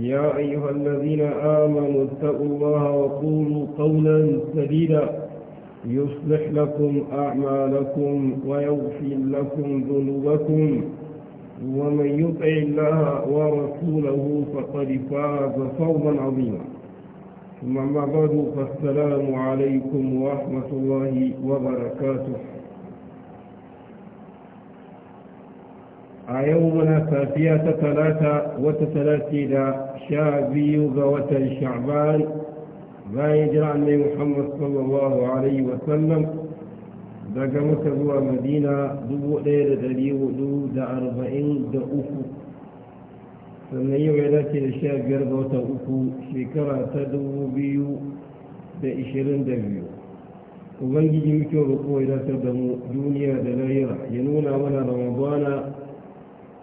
يا أيها الذين آمنوا اتقوا الله وقولوا قولا سديدا يصلح لكم أعمالكم ويغفر لكم ذنوبكم ومن يطع الله ورسوله فقد فاز فوضا عظيما ثم ما بعد فالسلام عليكم ورحمة الله وبركاته a yau muna safiya ta talata wata talati da sha biyu ga watan sha'ban bayan jira annai muhammad sallallahu alaihi wasallam daga maka zuwa madina 1443 sannan yau ya dace da sha biyar ga watan uku shekara ta 2022 ubangiji muke roƙo ya dace da mu duniya da lahira ya nuna mana ramadana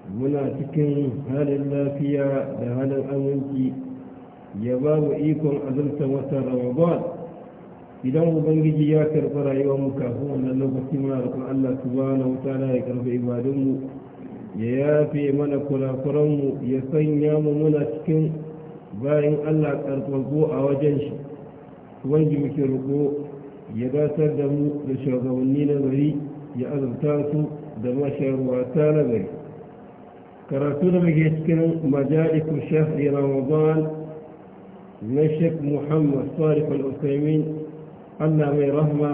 muna cikin halin lafiya da halin aminci ya ba mu ikon azurta wata ramadan idan ubangiji ya karɓi rayuwar mu kafin wannan lokaci muna kuma Allah subhanahu ta'ala ya karɓi ibadunmu ya yafe mana kurakuran mu ya sanya mu muna cikin bayan Allah karfago a wajen shi ubangiji muke roƙo ya gasar da mu da shugabanni na gari ya azurta su da mashayarwa ta na gari كراتور بيذكر مجالك شهر رمضان نشك محمد صالح الأسلمين الله من رحمة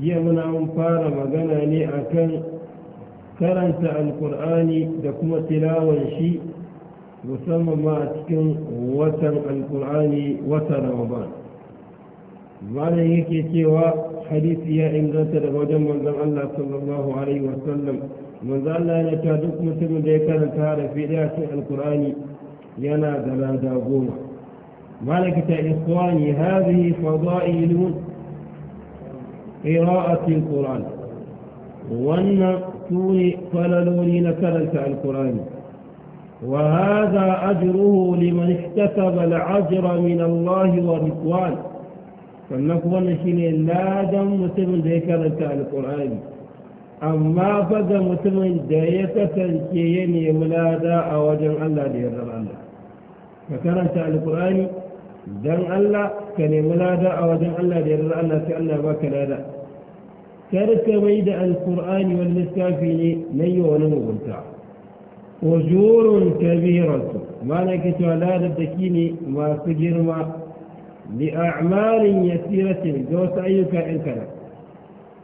جيمنا أمفار مغناني أكن كرنت القرآن دكما تلاوة شيء وسمى ما أتكن وطن القرآن وطن رمضان ما لديك حديث يا عند ترغو جمع زم الله صلى الله عليه وسلم من ذا الله نتادوك مثل ديكار تار في ذات القرآن ينا دلادا قوم ملكة إخواني هذه فضائل قراءة القرآن وانا توني فللوني نتلت القرآن وهذا أجره لمن احتسب العجر من الله ورسوله فنقبل شيني لا دم مسلم ديكا لك القرآن أما فقا مسلم ديكا تنكييني ولا أو وجن الله دي رضا الله فكرا سأل القرآن دم الله كني ولا داء وجن الله دي رضا الله سأل الله وكلا داء كرك ميد القرآن والمسكافين ني ونمو بلتا وجور كبيرة ما نكتو لا ردكيني ما سجر ما لأعمال يسيرة جوس أي كائن كان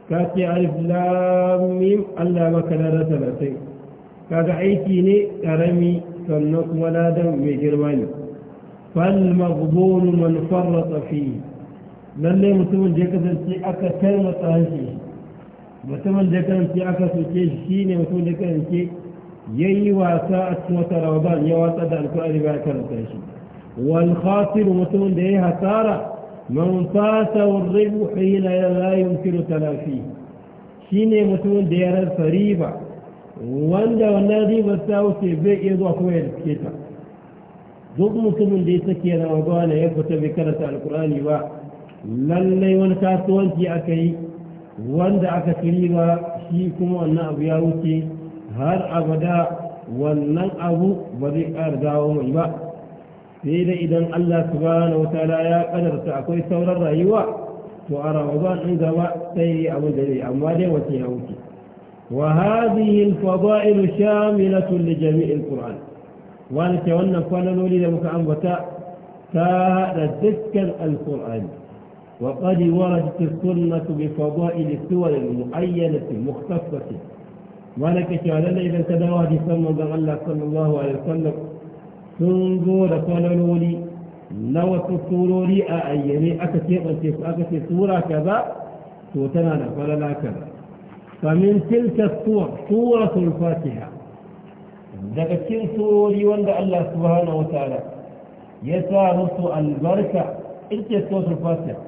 كاتي عرف لا ميم ألا مكان رسل أسي كاكعيتيني كرمي سنوك ولا دم مجرمان فالمغبون من فرط فيه للي مسلم جكس انتي أكا كلمة أهشي مسلم جكس انتي أكا سوكيش شيني مسلم جكس انتي يي واساعة سوطة روضان يواتا دعنكو أريبا كلمة أهشي والخاسر متون ديها سارة من فاسه الربح حين لا يمكن تلافيه شيني متون ديها الفريبة واندى والنادي والساوس يبقى يضوى كوية الكتا ضد متون دي سكينا وضوانا يكتا بكرة القرآن يوا للي ونكات وانتي أكي واندى أكتريبا شيكم وانا أبياوتي هر أبدا وانا أبو بذيك أرداؤهم يبقى قيل إذا الله سبحانه وتعالى يا قدر تأكل ثور الرأيوة وأرى عضان عند وقتي أبو دليل أمواله وتياوتي وهذه الفضائل شاملة لجميع القرآن وأنا تولنا فأنا نولي لك عن بتاء تذكر القرآن وقد وردت السنة بفضائل السور المؤينة المختصة وأنا كشعلنا إذا تدوى هذه السنة الله صلى الله عليه وسلم sun zo da kwananoli na wasu surori a ayyane aka keɓance su aka ce sura kaza to tana da falala kaza famin tilka suwa suratul fatiha daga cikin surori wanda Allah subhanahu wa ta'ala ya sa musu albarka ita suratul fatiha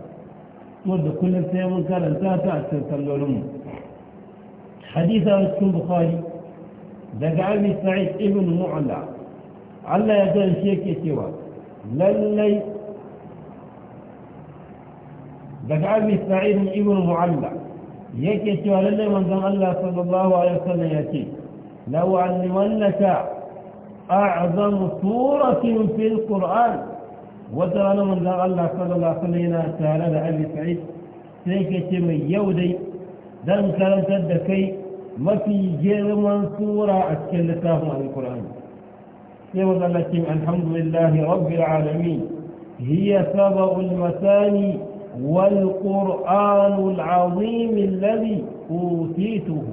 wanda kullum sai mun karanta ta a cikin sallolinmu hadisa cikin bukhari daga abi sa'id ibn mu'alla Allah ya jan shi yake cewa lallai daga abi sa'id ibn mu'alla yake cewa lallai manzon Allah sallallahu alaihi wasallam yace law annaka a'zamu suratin fil qur'an wata rana manzon Allah sallallahu alaihi wasallam yana tare da abi sa'id sai kace mai yau dai dan karantar da kai mafi girman sura a cikin littafin alqur'ani التي الحمد لله رب العالمين هي سبب المثاني والقرآن العظيم الذي أوتيته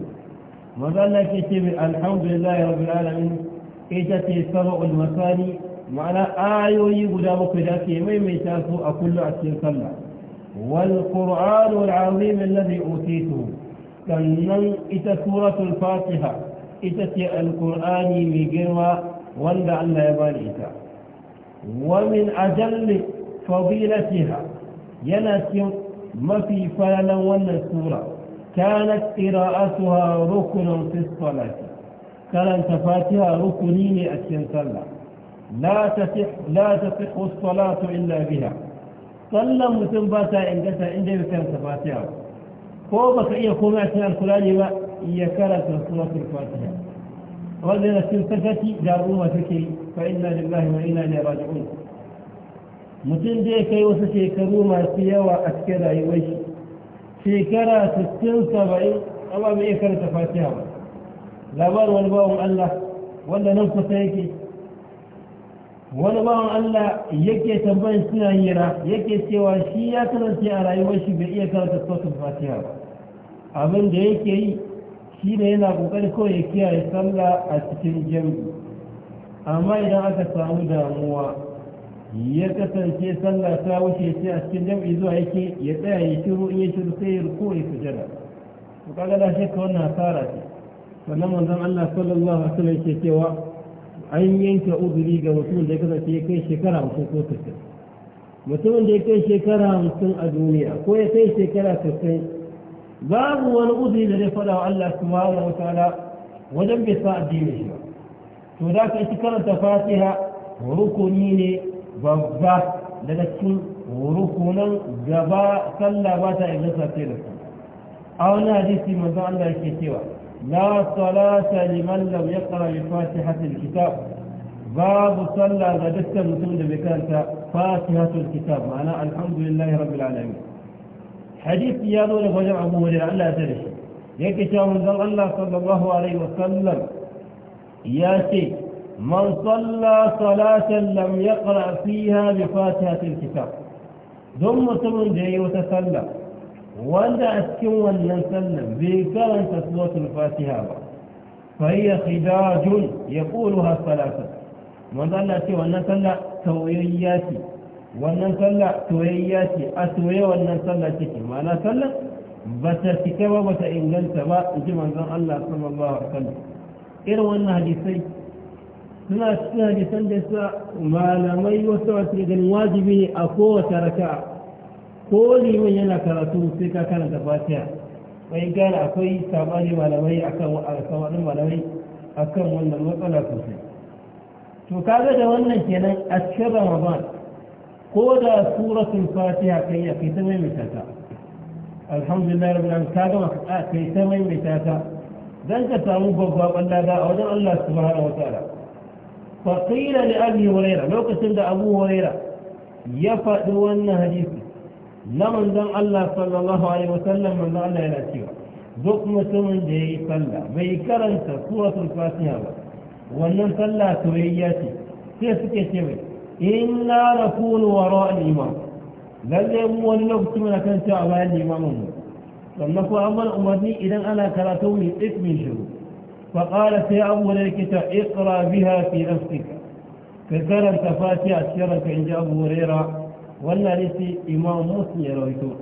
مثلا كتب الحمد لله رب العالمين إتتي سبب المثاني معنى آي يقول أبوك ذاتي من ميتاسو أكل أسير صلى والقرآن العظيم الذي أوتيته كنن إتى سورة الفاتحة إتى القرآن من ولا عن يمانيتا ومن أجل فضيلتها ينسيم ما في فلن ولا سورة كانت قراءتها ركن في الصلاة كانت فاتها ركنين أتين صلى لا تصح لا تصح الصلاة إلا بها صلى متنبتا إن جسا إن جسا إن جسا فاتها فوبك إيا قمعتها القرآن إيا كانت رسولة الفاتحة wannan filsafaci jaruma take fa inna lillahi wa inna ilaihi raji'un mutum zai kai wasu shekaru masu yawa a cikin rayuwar shi shekara 60 70 amma bai iya karanta fatiha ba labarin wani bawan Allah wanda nan kusa yake wani bawan Allah yake tambayin suna hira yake cewa shi ya karanta a rayuwar shi bai iya karanta sautin fatiha ba abin da yake yi shi ne yana kokari kawai ya kiyaye sallah a cikin jami'i amma idan aka samu damuwa ya kasance sallah ta wuce sai a cikin jami'i zuwa yake ya tsaya ya shiru in ya shiru sai ya ruko ya sujada to kaga da shakka wannan asara ce sannan manzon Allah sallallahu alaihi wasallam yake cewa an yanke uzuri ga mutumin da ya kasance ya kai shekara hamsin ko tafi. mutumin da ya kai shekara hamsin a duniya ko ya kai shekara sai? babu wani uzuri da zai faɗa wa Allah subhanahu wa ta'ala wajen bai sa addinin shi ba to da ka ita karanta fatiha rukuni ne babba daga cikin rukunan gaba sallah ba ta inganta ce da su a wani hadisi manzon Allah yake cewa la salata liman lam yaqra bi fatihatil kitab babu sallah ga dukkan mutum da bai karanta fatihatul kitab ma'ana alhamdulillahi rabbil alamin حديث يادو لفجع أبو هريرة لا أدري يكشى منزل الله صلى الله عليه وسلم ياتي من صلى صلاة لم يقرأ فيها بفاتحة الكتاب ثم تمن جاي وتسلم وانت أسكن وانت سلم بكرن تسلوة الفاتحة فهي خداج يقولها الصلاة من صلى صلاة لم يقرأ فيها wannan sallah soyayya ce a soye wannan sallah take ma'ana sallah ba ta cika ba ba ta inganta ba in ji manzon Allah sallallahu alaihi wasallam irin wannan hadisai suna cikin hadisan da sa malamai wasu wasu ganin wajibi ne a kowace raka ko liman yana karatu sai ka karanta fatiha bai gane akwai sabani malamai akan alkawarin malamai akan wannan matsala sosai to kaga da wannan kenan a cikin ramadan ko da suratul fatiha kai ya kai ta maimaita ta alhamdulillah rabbil alamin ka gama a kai ta maimaita ta dan ka samu banda da a wajen Allah subhanahu wataala fa qila li abi hurayra lokacin da abu hurayra ya faɗi wannan hadisi na manzon Allah sallallahu alaihi wasallam manzo Allah yana cewa duk mutumin da yayi salla bai karanta suratul fatiha ba wannan sallah toyayya ce sai suke ce mai inna na kunu waro a nima mu wani lokaci mana kan cewa a bayan limanin mu sannan an mana umarni idan ana karatu mai tsik min shiru faƙara sai an wurin rikita biha fi nafsik ka karanta fati a cikin ranka in ji abu wurera wannan ne sai imam musu ya rawaito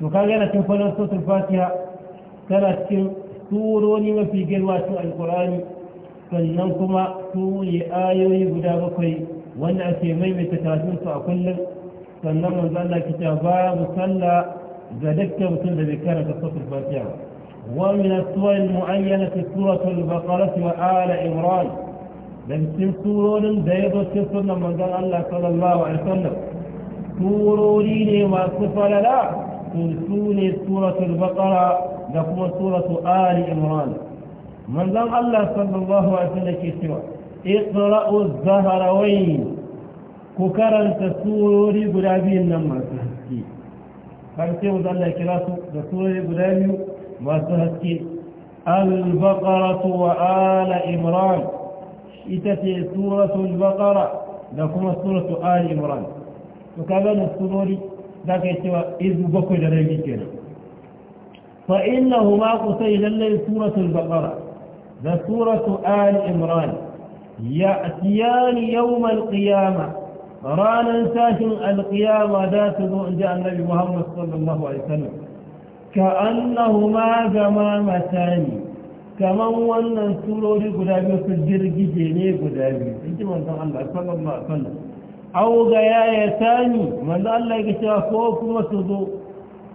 to kaga yana cikin fadar sotar fatiha tana cikin turoni mafi girma cikin alkurani sannan kuma su ne ayoyi guda bakwai wanda ake maimaita karatunsu a kullum sannan manzo Allah ke cewa babu sallah ga dukkan mutum da bai karanta suratul fatiha wa min as-suwar al mu'ayyana fi suratul baqara wa ala imran dan cikin surorin da ya zo cikin sunnan manzon Allah sallallahu alaihi wasallam surori ne masu falala to su ne suratul baqara da kuma suratul ali imran من لم الله صلى الله عليه وسلم سوى اقرأ الزهروين كوكران تسوري قُلَابِي النَّمَّا سَهَسْكِي فأنتي ذن الله كراسو تسورِ قُلَابِي ما سهسكي البقرة وآل إمران إتتي سورة البقرة لكم سورة آل إمران وكذا السوري ذاك يتوى إذ بكو جريبي كنا فإنهما قصي للي سورة البقرة ذا سورة آل إمران يأتيان يوم القيامة رانا ساش القيامة ذات جاء النبي محمد صلى الله عليه وسلم كأنهما زمام ثاني كما هو أن سورة قدامي في الجرق جيني قدامي إنت من تقال الله صلى الله عليه وسلم أو غياء ثاني من قال الله يشافوك وسدو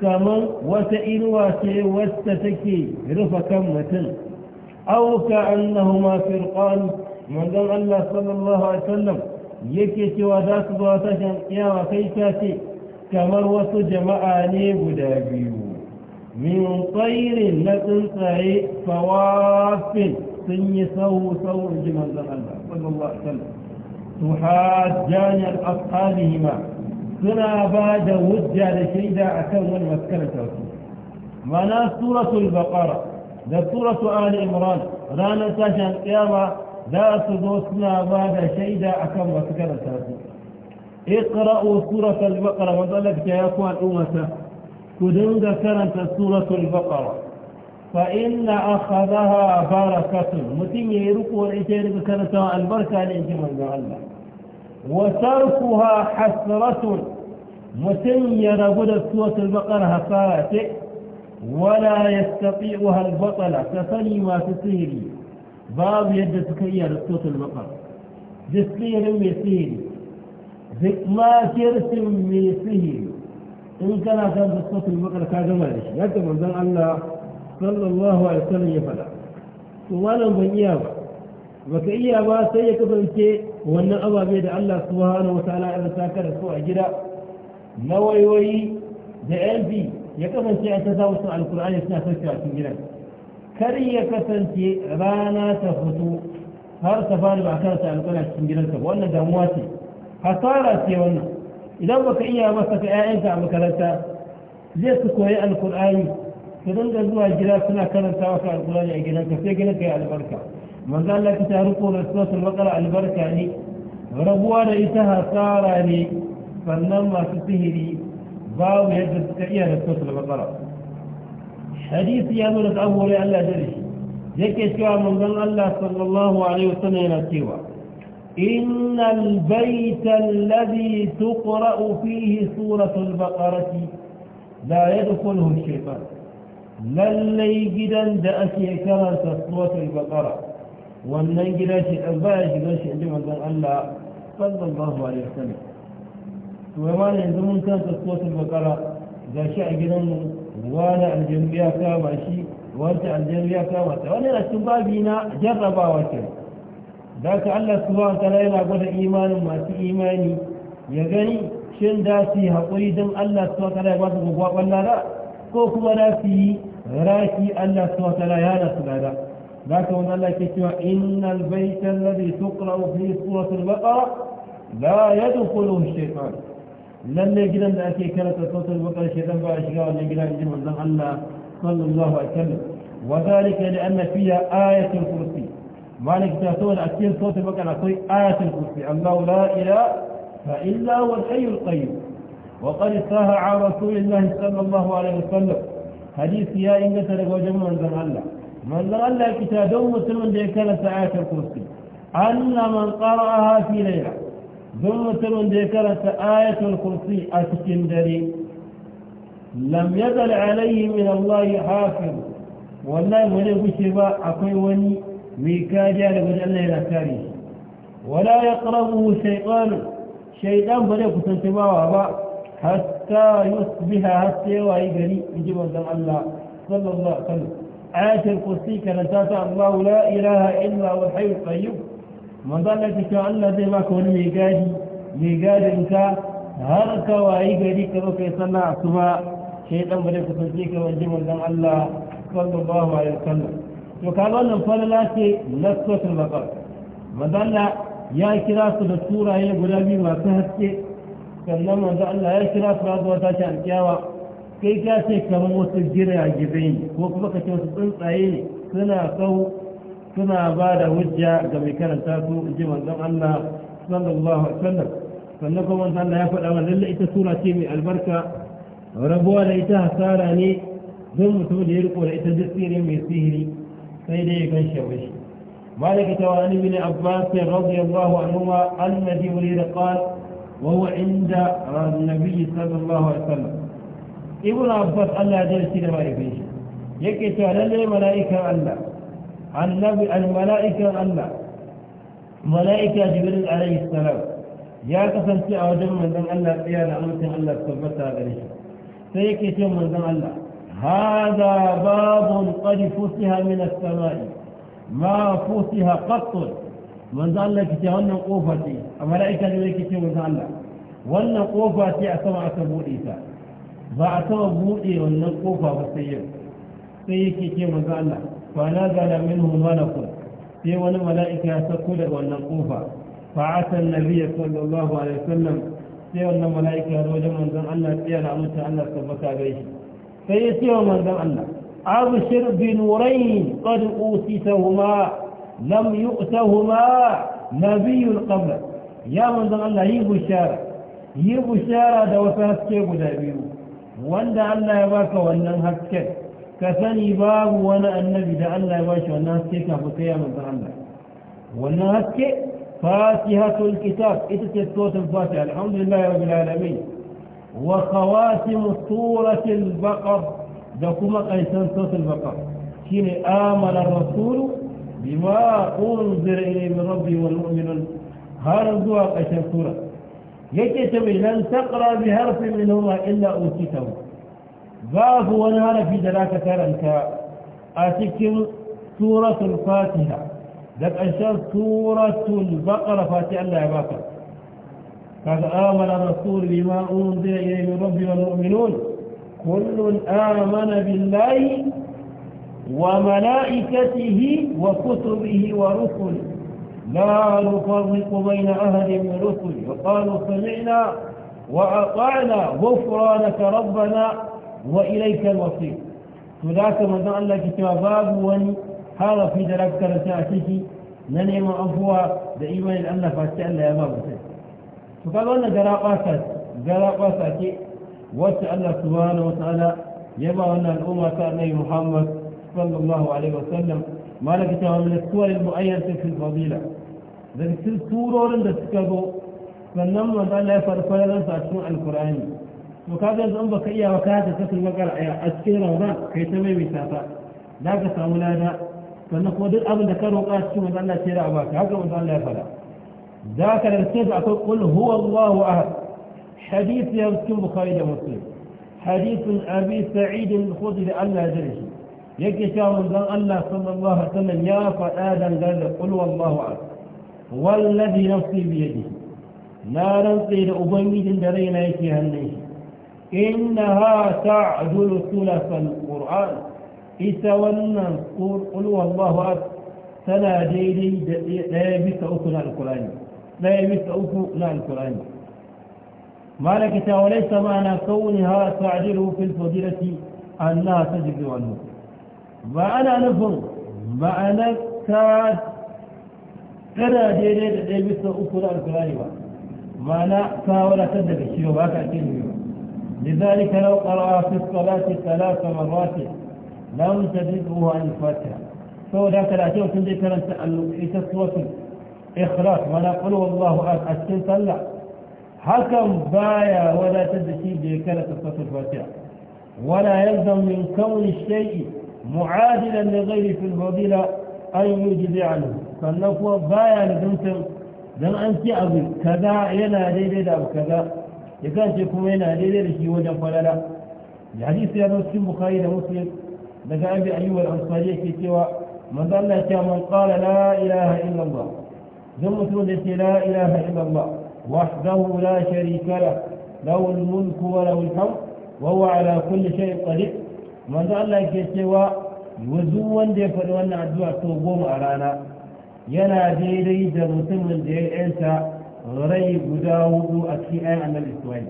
كما وسئل واسئل واستسكي رفقا مثل او كانهما فرقان من دم الله صلى الله عليه وسلم يكيتي وذات بواتشا يا وكيتاتي كما وسط جماعاني بدابيو من طير لكن صحيح فواف سني سو سو جمال الله صلى الله عليه وسلم تحاجان اصحابهما سنا بعد وجه لشيدا اكمل مسكنه ما سوره البقره ذا سورة آل إمران رانا تشان القيامة ذا تدوسنا بعد شيدا أكم وتكرا تردو اقرأوا سورة البقرة يا جايكوا الأمة كدنجا كانت سورة البقرة فإن أخذها بركة متم يركوا الإجارة كانت البركة لإجمع المعلمة وتركها حسرة متم يربد سورة البقرة فارتئ ولا يستطيعها البطل تفني ما تسيري باب يد سكية للصوت البقر جسكية لم يسيري ذك ما ترسم من سهيري إن كان كان الصوت البقر كان ما ليش يجب أن الله صلى الله عليه وسلم يفلع وانا من إياه وكأي أبا سيكفر الشيء وأن أبا بيد الله سبحانه وتعالى إذا ساكر سوء جدا ما ويوي ذا يكمن تي اتداوس على القران يسنا فكر في غيره كري يكفن تي رانا تفتو هر تفان بعكار تي القران في غيره تبو ان دمواتي حصارة تي ون اذا بك ايا مسك ايا انت عم كرتا زي سكو هي القران فدن دزوا جرا سنا كرتا وك القران يا غيره تفي غيره كي البركه من قال لك تعرفوا رسوله وقال البركه ربوا رئيسها صارني فنما تسهري باو يجلس التعيه للتوصل بقرأ حديث يامر الأول أن لا جلش ذلك يشكوا من ظن الله صلى الله عليه وسلم الى سوى إن البيت الذي تقرأ فيه سورة البقرة لا يدخله الشيطان لن جدا دأسي كرس سورة البقرة ولن من شيء عندما ظن الله صلى الله عليه وسلم to ya mana yanzu mun kan sassuwatul bakara ga shi a gidanmu wani aljanu ya kama shi wata aljanu ya kama ta wani na cikin babi na jarrabawa ce da ka Allah subhanahu ta'ala yana gwada imanin masu imani ya gani shin da su yi haƙuri don Allah subhanahu ta'ala ya ba su gwagwaban lada ko kuma da su yi raki Allah subhanahu ta'ala ya hana su lada da ka wani Allah ke cewa innal baita alladhi tuqra fi suratul baqara la yadkhuluhu shaytan lallai gidan da ake karanta sautar bakar shaitan ba a shiga wannan gida in ji manzon Allah sallallahu alaihi wasallam wa zalika li anna fiha ayatul kursi malik ta so da cikin sautar bakar akwai ayatul kursi Allah la ilaha illa huwa al-hayyul qayyum wa qad saha a rasulillahi sallallahu alaihi wasallam hadisi ya inganta daga wajen manzon Allah manzon Allah ya kita don mutumin da ya karanta ayatul kursi anna man qara'aha fi layla don mutumin da ya karanta ayatul kursi a cikin dare lam yazal alaihi min Allah hafiz wallahi ba zai gushe ba akwai wani mai kariya da wajen Allah yana kare shi wala yaqrabu shaytan shaytan ba zai kusanci bawa ba hatta yusbiha hatta yawayi gari inji manzon Allah sallallahu alaihi wasallam ayatul kursi karanta ta Allah la ilaha illa huwa al-hayyul qayyum manzo Allah ya ce Allah zai baka wani mai gadi mai gadin ka har ka wayi gari ka zo kai sallah asuba dan bare ku sauke ka wajen manzon Allah sallallahu alaihi wasallam to kaga wannan falala ce na suratul baqara manzo Allah ya kira su da suraye guda biyu masu haske sannan manzo Allah ya kira su da wata ta alkiyawa kai ka ce kamar wasu jirage ne ko kuma ka ce wasu tsuntsaye ne suna kawo suna ba da hujja ga mai karanta su ji manzon Allah sallallahu alaihi wasallam sannan kuma manzon Allah ya faɗa wa lalle ita sura ce mai albarka rabuwa da ita hasara ne don mutum da ya riko da ita jisiri mai sihiri sai dai ya gan shawashi مالك تواني بن عباس رضي الله عنهما أن جبريل قال وهو عند النبي صلى الله عليه وسلم ابن عباس الله جل سيدنا ما يفيش يكي تعالى ملائكة الله عن النبي الملائكة أن ملائكة جبريل عليه السلام يا تفنسي أوجب من ذن الله يا نعمتي الله صبتها بريشة فيك يتم من ذن الله هذا باب قد فتح من السماء ما فتح قط من ذن الله كتهن قوفتي الملائكة جبريل كتهن من ذن الله وأن قوفتي أسمع تبوئيسا فأسمع بوئي وأن قوفة بسيئة فيك يتم من ذن الله فنزل منه ملك في ون ملائكة سكولة ونقوفة فعسى النبي صلى الله عليه وسلم في ون ملائكة روجة من ذن الله في العمشة أن سبكى عليه فيسير من ذن الله أبشر بنورين قد أوتيتهما لم يؤتهما نبي قبل يا من ذن الله هي بشارة هي بشارة دوسها سكيب دابيو وان الله يباك وان هسكيب ka sani babu wani annabi da Allah ya bashi wannan haske kafin kai ya manzan Allah wannan haske fatihatul kitab ita ce total fatiha alhamdulillah rabbil alamin wa khawatim suratul baqar da kuma kaisan suratul baqar shine amana rasul bima unzira ilayhi min rabbi wal mu'minun har zuwa ƙarshen sura yake ta mai lan taqra bi harfin min huma illa utitahu babu wani harafi da za ka karanta a cikin suratul fatiha da ƙarshen suratul baƙara fati Allah ya baka kaga amana rasul bima unzila ilayhi min rabbi wal mu'minun kullun amana billahi wa malaikatihi wa kutubihi wa rusulihi لا نفرق بين أهل من رسل وقالوا سمعنا وأطعنا غفرانك ربنا وإليك الوصير فذاك ما الله لك تواباب وني هذا في دراك ترساتيكي ننعم أفوها دائما الأمن فاتح الله يا باب فقال وانا جراقاتك جراقاتك وسأل الله سبحانه وتعالى يبا أن الأمة كأنه محمد صلى الله عليه وسلم ما لك من السور المؤيدة في الفضيلة ذلك سورة ورد سكبه فنمو أن الله يفرفل لنسى أشمع القرآن وكذا الزعم بكية وكذا تسكر مقال عيا أذكر رمضان كي تمي مسافة لا تسامنا لا فنقوى دل أبن ذكر وقال شو مدعنا سيرا أباك هكذا مدعنا فلا ذاك الارتفع قل هو الله أهد حديث يمسكن بخارج مسلم حديث أبي سعيد الخضر ألا جرش يكي شاء رمضان ألا صلى الله عليه وسلم يا فآدم قال قل والله أهد والذي نفسي بيده لا ننصير أبميد درينا يكي هنيه إنها تعدل ثلث القرآن إتوانا قول قل والله أكبر تنا ديلي لا يبس أكنا القرآن لا يبس أكنا القرآن ما لك وليس معنى كونها تعدل في الفضيلة أنها تجد عنه معنى نفر معنى كاد تنا ديلي لا يبس أكنا القرآن معنى كاولا تدك الشيء وباك أكيد لذلك لو قرأ في الصلاة ثلاث مرات لا تجده عن الفاتحة سو ذاك الأشياء تنجي كانت الإسسوة إخلاص ولا قل والله أحد أشكل صلى حكم بايا ولا تدشي بكانت الصلاة الفاتحة ولا يلزم من كون الشيء معادلا لغيره في الفضيلة أن يجد عنه فالنفوة بايا لدمتم دم أنت أبي كذا ينا ليلة أو كذا ya kasance kuma yana daidai da shi wajen falala da hadisi ya zo cikin bukari da muslim daga abi ayyuwar ansari yake cewa manzo Allah ya ce man qala la ilaha illa Allah dan mutum da ce la ilaha illa Allah wahdahu la sharika la lahu al-mulku wa lahu al-hamd wa huwa ala kulli shay'in qadir manzo Allah yake cewa wazu wanda ya faɗi wannan addu'a to goma a rana yana daidai da mutumin da ya yanta رأي بداود أكي أعمى الإسرائيل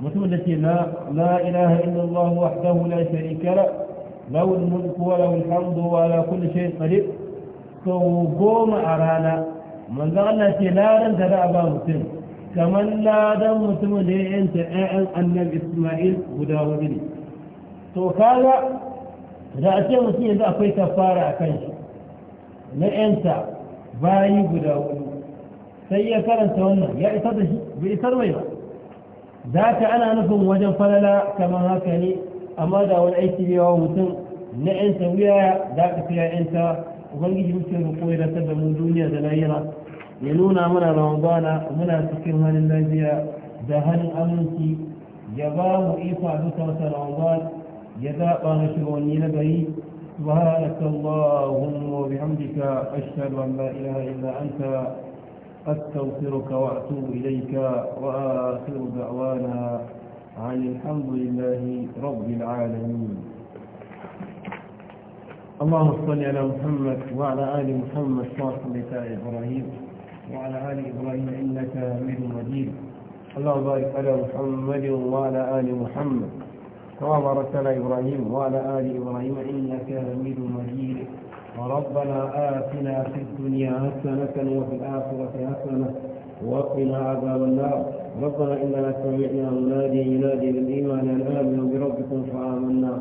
مثل التي لا, لا إله إلا الله وحده لا شريك له له الملك وله الحمد وعلى كل شيء قريب فوقوم أرانا من ذا الله تي لا رنت رأبا مسلم كمن لا دم مسلم لئن تأعن أن الإسرائيل بداود لي تو كالا رأتي مسلم ذا فيت فارع كنش لئن تأعن باي بداود سيئة فلن تولى يعتضه بإثر ويرا ذات أنا نفهم وجن فللا كما هكني أماد أول أي سبي ومتن نعن سويا ذات فيها أنت وغنج جمسك وقويرة من دنيا دلائرة ينونا منا رمضان منا سكر من اللازية دهن أمنتي جبام إيفا دوسة رمضان جزاء الله شر ونيل سبحانك اللهم وبحمدك أشهد أن لا إله إلا أنت أستغفرك وأتوب إليك وآخر دعوانا عن الحمد لله رب العالمين اللهم صل على محمد وعلى آل محمد صلى الله عليه إبراهيم وعلى آل إبراهيم إنك حميد مجيد اللهم بارك على محمد وعلى آل محمد كما باركت على إبراهيم وعلى آل إبراهيم إنك حميد مجيد ربنا آتنا في الدنيا حسنة وفي الآخرة حسنة وقنا عذاب النار ربنا إننا سمعنا منادي ينادي بالإيمان أن آمنوا بربكم فآمنا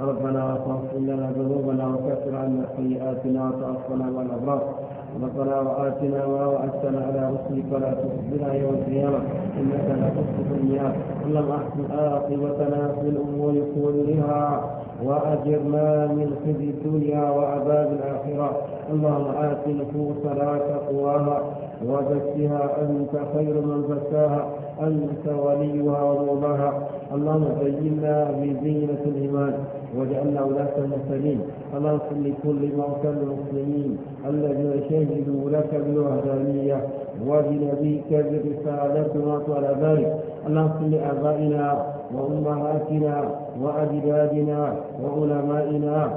ربنا فاغفر لنا ذنوبنا وكفر عنا سيئاتنا وتوفنا مع الأبرار ربنا وآتنا ما وعدتنا على رسلك ولا تخزنا يوم القيامة إنك لا تخلف المياه اللهم أحسن عاقبتنا في الأمور كلها وأجرنا من خزي الدنيا وعذاب الآخرة اللهم آت نفوسنا تقواها وزكها أنت خير من زكاها أنت وليها ومولاها اللهم زينا بزينة الإيمان واجعلنا ولاة المرسلين اللهم صل لكل موتى المسلمين الذين شهدوا لك بالوحدانية وبنبيك برسالة وعلى ذلك اللهم صل لآبائنا وأمهاتنا وأجدادنا وعلمائنا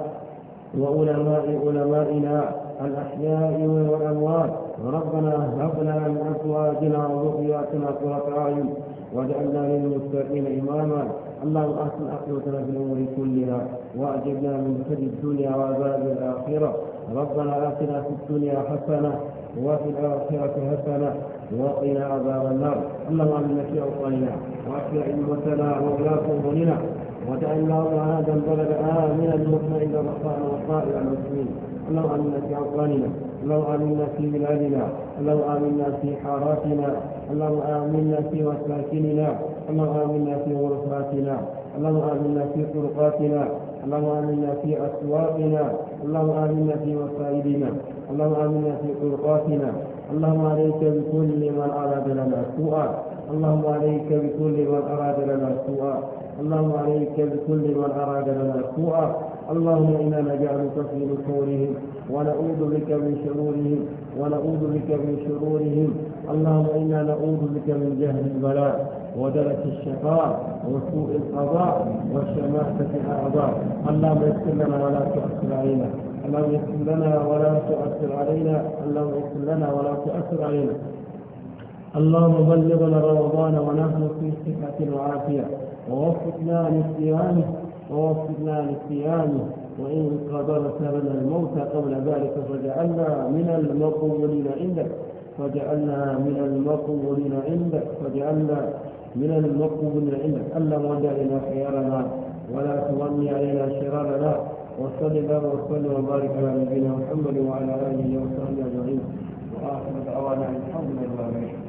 وعلماء علمائنا الأحياء والأموات ربنا هب لنا من أزواجنا وذرياتنا قرة أعين واجعلنا للمتقين إماما اللهم أحسن عقبتنا في الأمور كلها وأجبنا من خزي الدنيا وعذاب الآخرة ربنا آتنا في الدنيا حسنة وفي الآخرة حسنة وقنا عذاب النار اللهم آمنا في أوطاننا وأحيا علمتنا وأولاد أمورنا وجعلنا الله هذا البلد آمنا مطمئنا رخاء وقائع المسلمين لو آمنا في أوطاننا لو آمنا في بلادنا لو آمنا في حاراتنا لو آمنا في مساكننا لو آمنا في غرفاتنا لو آمنا في طرقاتنا اللهم آمنا في أسواقنا اللهم آمنا في مصائبنا اللهم آمنا في طرقاتنا اللهم عليك بكل من أراد لنا سوءا اللهم عليك بكل من أراد لنا سوءا اللهم عليك بكل من أراد لنا سوءا اللهم إنا نجعلك في نحورهم ونعوذ بك من شرورهم ونعوذ بك من شرورهم اللهم إنا نعوذ بك من جهل البلاء ودرك الشقاء وسوء القضاء والشماتة الأعضاء اللهم يسر لنا ولا تؤثر علينا اللهم يسر لنا ولا تؤثر علينا اللهم يسر لنا ولا تؤثر علينا اللهم بلغنا رمضان ونحن في صحة وعافية ووفقنا لصيامه ووفقنا لصيامه وإن قدرت لنا الموت قبل ذلك فجعلنا من المقبولين عندك فجعلنا من المقبولين عندك فجعلنا من المقبولين عندك ألا اجعلنا خيارنا ولا تغني علينا شرارنا وصلى الله وسلم وبارك على نبينا محمد وعلى آله وصحبه أجمعين وآخر دعوانا الحمد لله